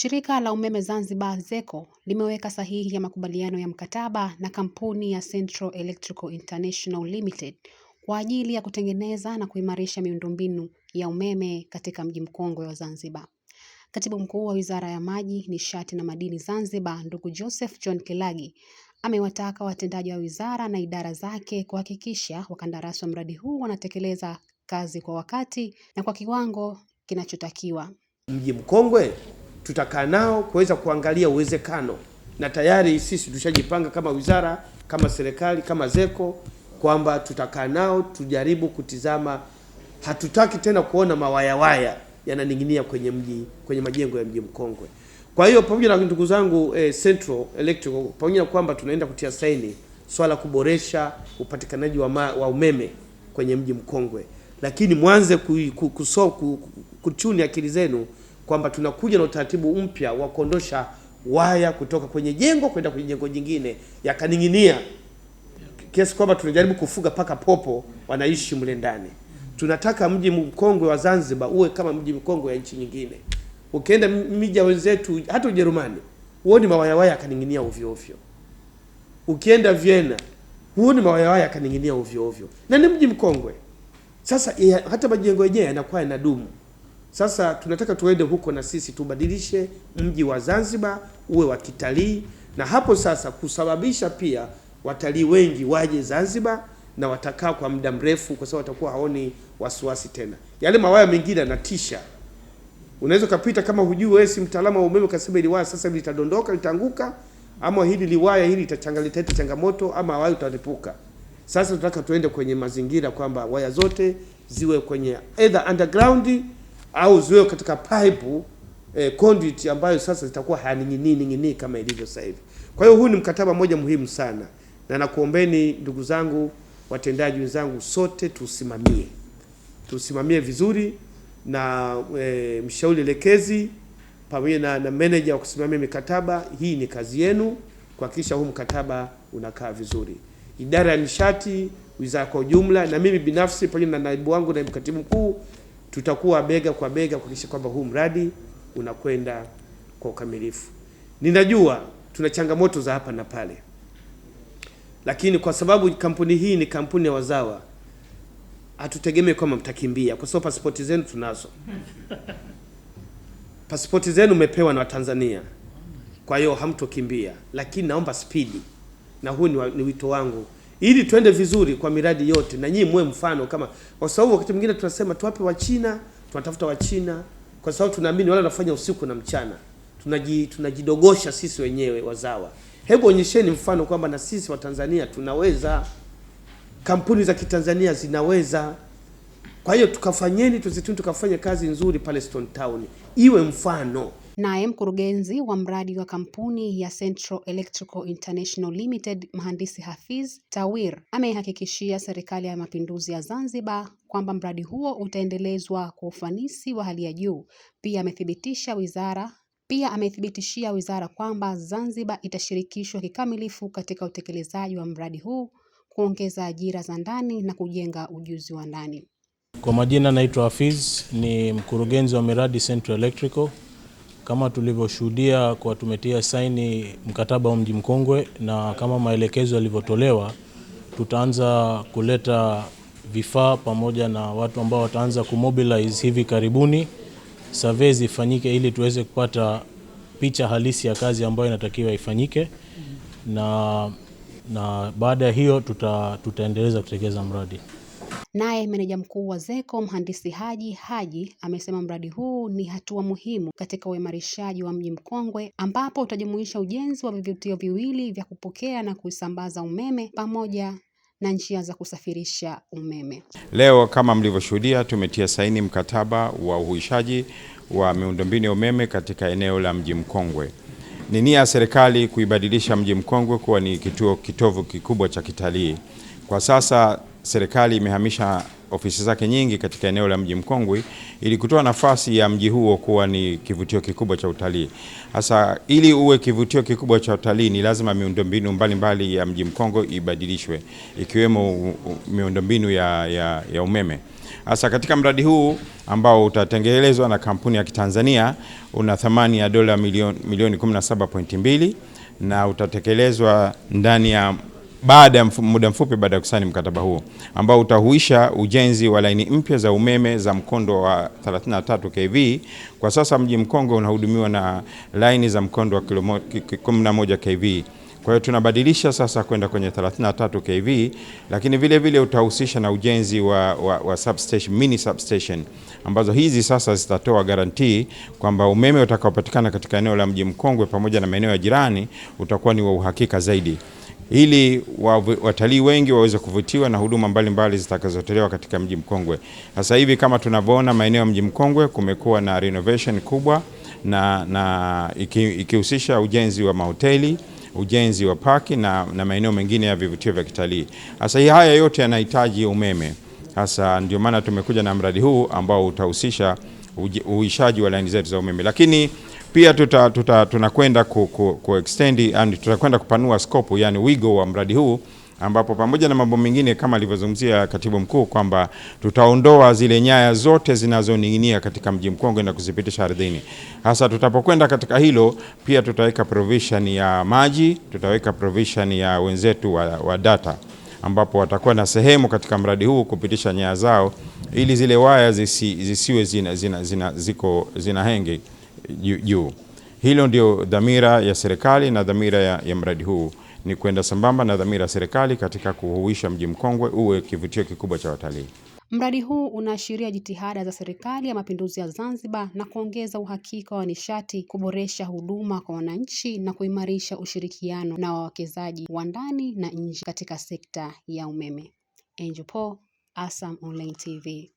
Shirika la Umeme Zanzibar ZECO limeweka sahihi ya makubaliano ya mkataba na kampuni ya Central Electrical International Limited kwa ajili ya kutengeneza na kuimarisha miundombinu ya umeme katika mji mkongwe wa Zanzibar. Katibu Mkuu wa Wizara ya Maji, Nishati na Madini Zanzibar, ndugu Joseph John Kilagi amewataka watendaji wa wizara na idara zake kuhakikisha wakandarasi wa mradi huu wanatekeleza kazi kwa wakati na kwa kiwango kinachotakiwa. Mji mkongwe tutakaa nao kuweza kuangalia uwezekano, na tayari sisi tushajipanga kama wizara, kama serikali, kama ZECO kwamba tutakaa nao tujaribu kutizama. Hatutaki tena kuona mawayawaya yananing'inia kwenye mji, kwenye majengo ya mji mkongwe. Kwa hiyo pamoja na ndugu zangu eh, Central Electrical pamoja na kwamba tunaenda kutia saini swala kuboresha upatikanaji wa, ma, wa umeme kwenye mji mkongwe, lakini mwanze kuchuni akili zenu kwamba tunakuja na utaratibu mpya wa kuondosha waya kutoka kwenye jengo kwenda kwenye jengo jingine, yakaning'inia kiasi kwamba tunajaribu kufuga paka popo wanaishi mle ndani. Tunataka mji mkongwe wa Zanzibar uwe kama mji mkongwe wa nchi nyingine. Ukienda mija wenzetu, hata Ujerumani, huoni mawayawaya yakaning'inia ovyo ovyo. Ukienda Vienna, huoni mawayawaya yakaning'inia ovyo ovyo, na ni mji mkongwe. Sasa ya, hata majengo yenyewe yanakuwa yanadumu. Sasa tunataka tuende huko na sisi tubadilishe mji wa Zanzibar uwe wa kitalii, na hapo sasa kusababisha pia watalii wengi waje Zanzibar na watakaa kwa muda mrefu, kwa sababu watakuwa haoni wasiwasi tena. Yale mawaya mengine yanatisha, unaweza ukapita kama hujui wewe, si mtaalamu wa umeme, ukasema ili waya sasa hivi litadondoka, litaanguka, ama hili liwaya hili litachangaleta changamoto, ama waya utalipuka. Sasa tunataka tuende kwenye mazingira kwamba waya zote ziwe kwenye either underground au ziwe katika pipe eh, conduit ambayo sasa zitakuwa hayaning'inii ning'inii kama ilivyo sasa hivi. Kwa hiyo huu ni mkataba mmoja muhimu sana, na nakuombeni ndugu zangu watendaji wenzangu, sote tusimamie tusimamie vizuri na e, mshauri elekezi pamoja na, na meneja wa kusimamia mikataba hii. Ni kazi yenu kuhakikisha huu mkataba unakaa vizuri, idara ya nishati, wizara kwa ujumla, na mimi binafsi pamoja na naibu wangu, naibu katibu mkuu tutakuwa bega kwa bega kuhakikisha kwamba huu mradi unakwenda kwa ukamilifu. Ninajua tuna changamoto za hapa na pale, lakini kwa sababu kampuni hii ni kampuni ya wazawa, hatutegemee kwamba mtakimbia, kwa sababu pasipoti zenu tunazo. Pasipoti zenu mmepewa na Watanzania, kwa hiyo hamtokimbia, lakini naomba spidi, na huu ni wito wangu ili tuende vizuri kwa miradi yote, na nyinyi muwe mfano kama, kwa sababu wakati mwingine tunasema tuwape Wachina, tunatafuta Wachina kwa sababu tunaamini wale wanafanya usiku na mchana, tunaji tunajidogosha sisi wenyewe wazawa. Hebu onyesheni mfano kwamba na sisi Watanzania tunaweza, kampuni za kitanzania zinaweza. Kwa hiyo tukafanyeni, tuzitu tukafanya kazi nzuri pale Stone Town, iwe mfano. Naye mkurugenzi wa mradi wa kampuni ya Central Electrical International Limited, Mhandisi Hafiz Tawir ameihakikishia Serikali ya Mapinduzi ya Zanzibar kwamba mradi huo utaendelezwa kwa ufanisi wa hali ya juu. Pia amethibitisha wizara pia amethibitishia wizara kwamba Zanzibar itashirikishwa kikamilifu katika utekelezaji wa mradi huu, kuongeza ajira za ndani na kujenga ujuzi wa ndani. Kwa majina naitwa Hafiz, ni mkurugenzi wa miradi Central Electrical. Kama tulivyoshuhudia kwa tumetia saini mkataba wa mji mkongwe na kama maelekezo yalivyotolewa, tutaanza kuleta vifaa pamoja na watu ambao wataanza kumobilize hivi karibuni, survey zifanyike ili tuweze kupata picha halisi ya kazi ambayo inatakiwa ifanyike na, na baada ya hiyo tuta, tutaendeleza kutekeleza mradi. Naye meneja mkuu wa ZECO mhandisi Haji Haji amesema mradi huu ni hatua muhimu katika uimarishaji wa mji mkongwe ambapo utajumuisha ujenzi wa vivutio viwili vya kupokea na kusambaza umeme pamoja na njia za kusafirisha umeme. Leo kama mlivyoshuhudia, tumetia saini mkataba wa uhuishaji wa miundombinu ya umeme katika eneo la mji mkongwe. Ni nia ya serikali kuibadilisha mji mkongwe kuwa ni kituo kitovu kikubwa cha kitalii. Kwa sasa serikali imehamisha ofisi zake nyingi katika eneo la Mji Mkongwe ili kutoa nafasi ya mji huo kuwa ni kivutio kikubwa cha utalii. Hasa ili uwe kivutio kikubwa cha utalii ni lazima miundombinu mbalimbali ya Mji Mkongwe ibadilishwe ikiwemo miundombinu ya, ya, ya umeme. Hasa katika mradi huu ambao utatengelezwa na kampuni ya Kitanzania una thamani ya dola milioni, milioni 17.2 na utatekelezwa ndani ya baada ya muda mfupi baada ya kusaini mkataba huo ambao utahuisha ujenzi wa laini mpya za umeme za mkondo wa 33 kV. Kwa sasa mji mkongwe unahudumiwa na laini za mkondo wa 11 kV. Kwa hiyo tunabadilisha sasa kwenda kwenye 33 kV, lakini vile vile utahusisha na ujenzi wa, wa, wa substation, mini substation ambazo hizi sasa zitatoa garantii kwamba umeme utakaopatikana katika eneo la mji mkongwe pamoja na maeneo ya jirani utakuwa ni wa uhakika zaidi ili watalii wengi waweze kuvutiwa na huduma mbalimbali zitakazotolewa katika mji mkongwe. Sasa hivi kama tunavyoona, maeneo ya mji mkongwe kumekuwa na renovation kubwa na, na ikihusisha iki ujenzi wa mahoteli ujenzi wa paki na, na maeneo mengine ya vivutio vya kitalii. Sasa haya yote yanahitaji umeme. Sasa ndio maana tumekuja na mradi huu ambao utahusisha uishaji wa laini zetu za umeme, lakini pia tuta, tuta, tunakwenda ku, ku, ku extend and tutakwenda kupanua scope, yani wigo wa mradi huu ambapo pamoja na mambo mengine kama alivyozungumzia katibu mkuu kwamba tutaondoa zile nyaya zote zinazoning'inia katika mji mkongwe na kuzipitisha ardhini. Hasa tutapokwenda katika hilo, pia tutaweka provision ya maji, tutaweka provision ya wenzetu wa, wa data ambapo watakuwa na sehemu katika mradi huu kupitisha nyaya zao ili zile waya zisi, zisiwe zina, zina, zina, ziko zina henge juu. Hilo ndio dhamira ya serikali na dhamira ya, ya mradi huu ni kwenda sambamba na dhamira ya serikali katika kuhuisha mji mkongwe uwe kivutio kikubwa cha watalii. Mradi huu unaashiria jitihada za Serikali ya Mapinduzi ya Zanzibar na kuongeza uhakika wa nishati, kuboresha huduma kwa wananchi na kuimarisha ushirikiano na wawekezaji wa ndani na nje katika sekta ya umeme. Angel Paul, Asam Online TV.